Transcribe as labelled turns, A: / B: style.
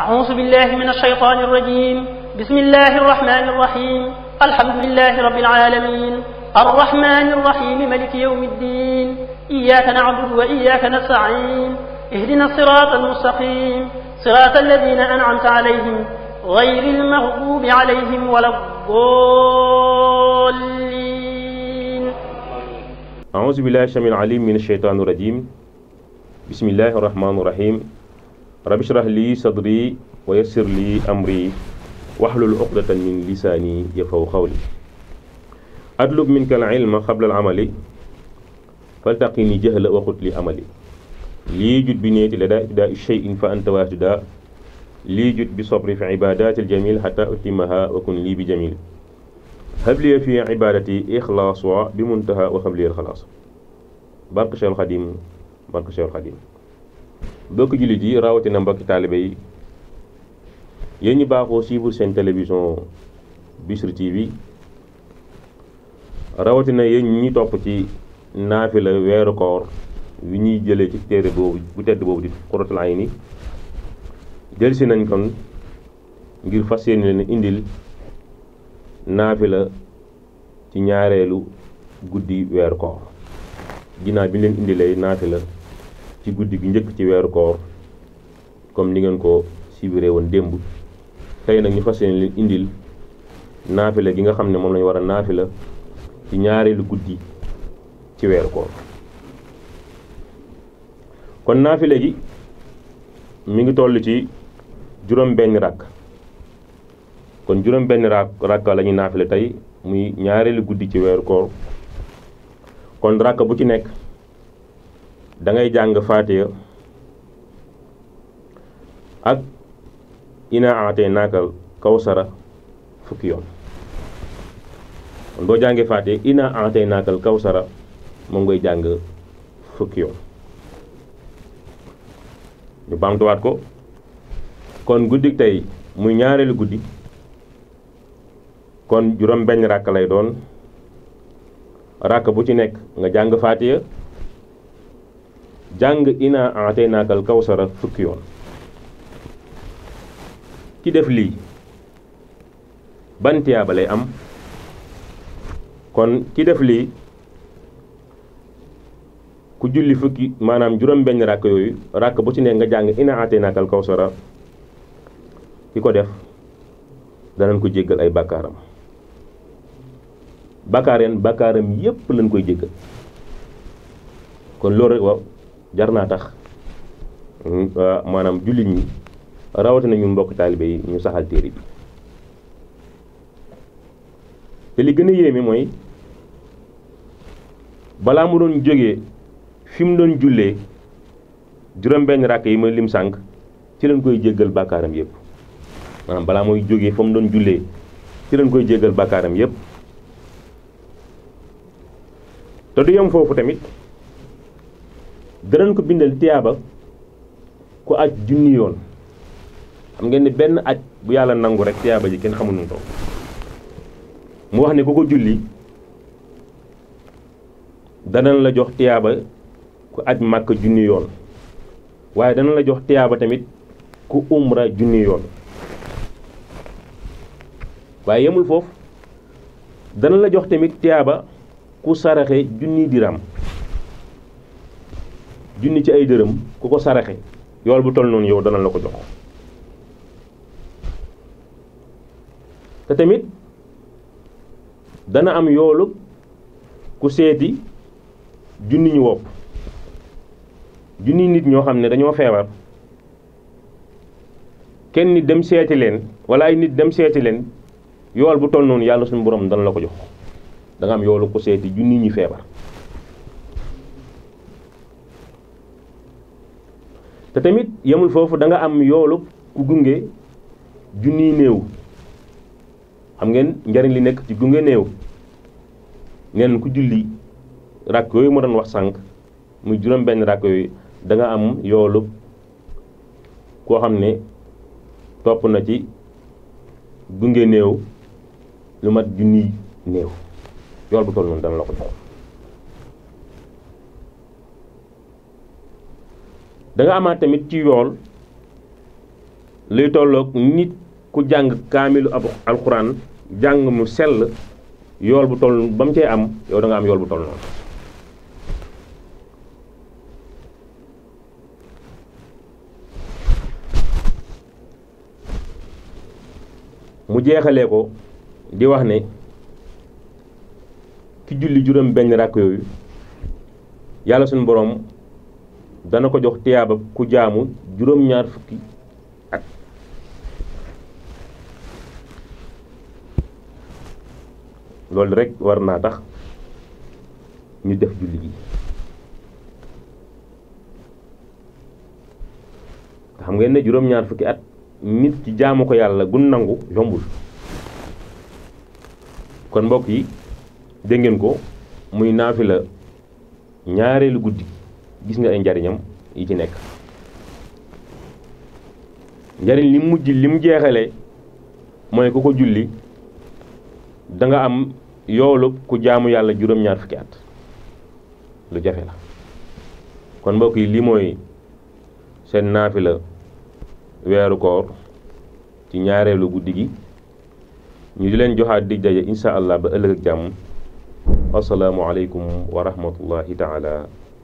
A: أعوذ بالله من الشيطان الرجيم بسم الله الرحمن الرحيم الحمد لله رب العالمين الرحمن الرحيم ملك يوم الدين إياك نعبد وإياك نستعين اهدنا الصراط المستقيم صراط الذين أنعمت عليهم غير المغضوب عليهم ولا الضالين
B: أعوذ بالله الشميع العليم من الشيطان الرجيم بسم الله الرحمن الرحيم rabbi shrah li sadri wa yassir li amri wahlul uqdatan min lisaani yafqahu qawli atlub minka al ilma qabla al amali faltaqini jahla wa qut li amali lii jut bi neeti la daa ibdaa shay'in fa anta waatida lii jut bi sabri fi ibadaati aljamil xata utimaha wa kun lii bi jamil habliya fi ibadati ixlaas wa bi muntaha wa habliya alxalaas barke Cheikh Xadim barke Cheikh Xadim bokk jullit yi rawatina mbokki taalibe yi yéen ñu baaxoo suivre seen télévision Bichri TV rawatina yéen ñi topp ci la weeru koor wi ñuy jëlee ci téere boobu bu tedd boobu di Qurratul Ayni jël si nañ kon ngir fas yéene leen indil la ci ñaareelu guddi weeru koor ginnaaw bi ñu leen indilee la ci guddi gi njëkk ci weeru koor comme ni ngeen ko sibiré woon démb tey nag ñu fas yéene leen indil naafila gi nga xam ne moom lañu war a naafila ci ñaareelu guddi ci weeru koor kon naafila mi ngi toll ci juróom rakk kon juróom benn rakk la ñuy naafila muy ñaareelu guddi ci weeru koor kon rakk bu ci nekk da ngay jàng faatiya ak ina ate naakal kawsara fukki yoon kon boo jàngee faatiya ina ate naakal kawsara moom ngay jàng fukki yoon ñu baamtuwaat ko kon guddik tey muy ñaareelu guddi kon juróom benn ràkk lay doon ràkk bu ci nekk nga jàng faatiya jàng inaa a'taynaaka al kawsara fukki yoon ki def lii ban tiyaaba lay am kon ki def lii ku julli fukki maanaam juróom benn ràkk yooyu ràkk bu ci ne nga jàng inaa a'taynaaka al kawsara ki ko def danañ ko jéggal ay bakkaaram bakkaareen bakkaaram yépp lañ koy jéggal kon loolu rek waaw jar naa tax euh, maanaam jullit ñi rawatina ñu mbokk taalibe ñu saxal téere bi te li gën a yéeme mooy balaa mu doon jóge fi mu doon jullee juróom-benn ràkk yi ma lim sànq ci leen koy jéggal bàkkaaram yëpp maanaam balaa mooy jóge fa mu doon jullee ci leen koy jéggal bàkkaaram yépp te du yem foofu tamit danañ ko bindal tiyaaba ku aj junni yoon xam ngeen ni benn aj bu yàlla nangu rek tiyaaba ji kenn xamuñu ko mu wax ne ku ko julli danañ la jox tiyaaba ku aj màkk junni yoon waaye danañ la jox tiyaaba tamit ku umra junni yoon waaye yemul foofu dana la jox tamit tiyaaba ku saraxe junni diram junni ci ay dërëm ku ko saraxe yool bu toll noonu yow dana la ko jox te tamit dana am yoolu ku seeti junni ñu wopp junni nit ñoo xam ne dañoo feebar kenn nit dem seeti leen wala ay nit dem seeti leen yool bu toll noonu yàlla suñu borom dana la ko jox da am yoolu ku seeti junni ñi feebar te tamit yemul foofu danga am yoolu ku gunge junniy néew xam ngeen njariñ li nekk ci gunge néew neen ku julli ràkk yooyu ma doon wax sànq muy juróom benn ràkk yooyu da am yoolu koo xam ne topp na ci gunge néew lu mat junniy néew yool bu toll noonu dana la jox danga nga amaat tamit ci yool luy tolloog nit ku jàng kaamilu ab alxuraan jàng mu sell yool bu toll ba mu cee am yow da am yool bu toll noonu mu jeexale ko di wax ne ki julli juróom benn ràkk yooyu yàlla suñu boroom dana ko jox tiyaaba ku jaamu juróom-ñaar fukki at loolu rekk war naa tax ñu def julli gi xam ngeen ne juróom-ñaar fukki at nit ci jaamu ko yàlla gun nangu yombul kon mbokk yi dégg ko muy naafila ñaareelu guddi gis nga ay njariñam yi ci nekk njariñ li mujj li mu jeexale mooy ku ko julli da am yoolu ku jaamu yàlla juróom-ñaar fukki at lu jafe la kon mbokk yi lii mooy seen la weeru koor ci ñaareelu guddi gi ñu di leen joxaat dig daje incha allah ba ëllëg ak jàmm assalaamu aleykum wa rahmatullahi taala